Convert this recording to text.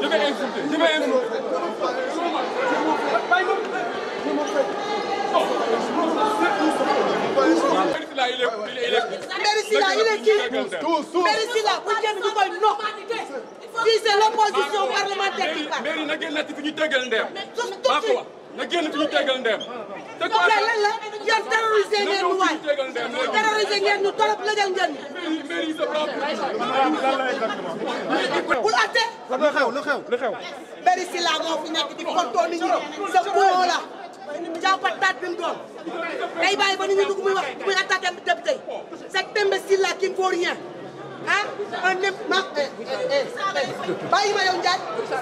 Je vais insulter, je vais insulter. Merisila, il est, il est, il est. Merisila, il est qui? Tous, tous. Merisila, bu kenn du koy nopp. Fii c'est l'opposition parlementaire qui parle. Meri na génn fi ñu tegal ndeem. Ba quoi? Na génn fi ñu tegal ndeem. te ko lan la yéen terrorisé ngeen ñu waay terrorisé ngeen ñu torop lëjal ngeen ñu. Meri, meri, c'est pas lu xew lu xew lu xew. bëri si laa moo fi nekk di fontoo nit ñi sa bureau la jàppat taat day bàyyi ba nit ñi dugg muy wax muy attaqué député sa tembe si la qui ne vaut rien ma eh, eh, eh. bàyyi ma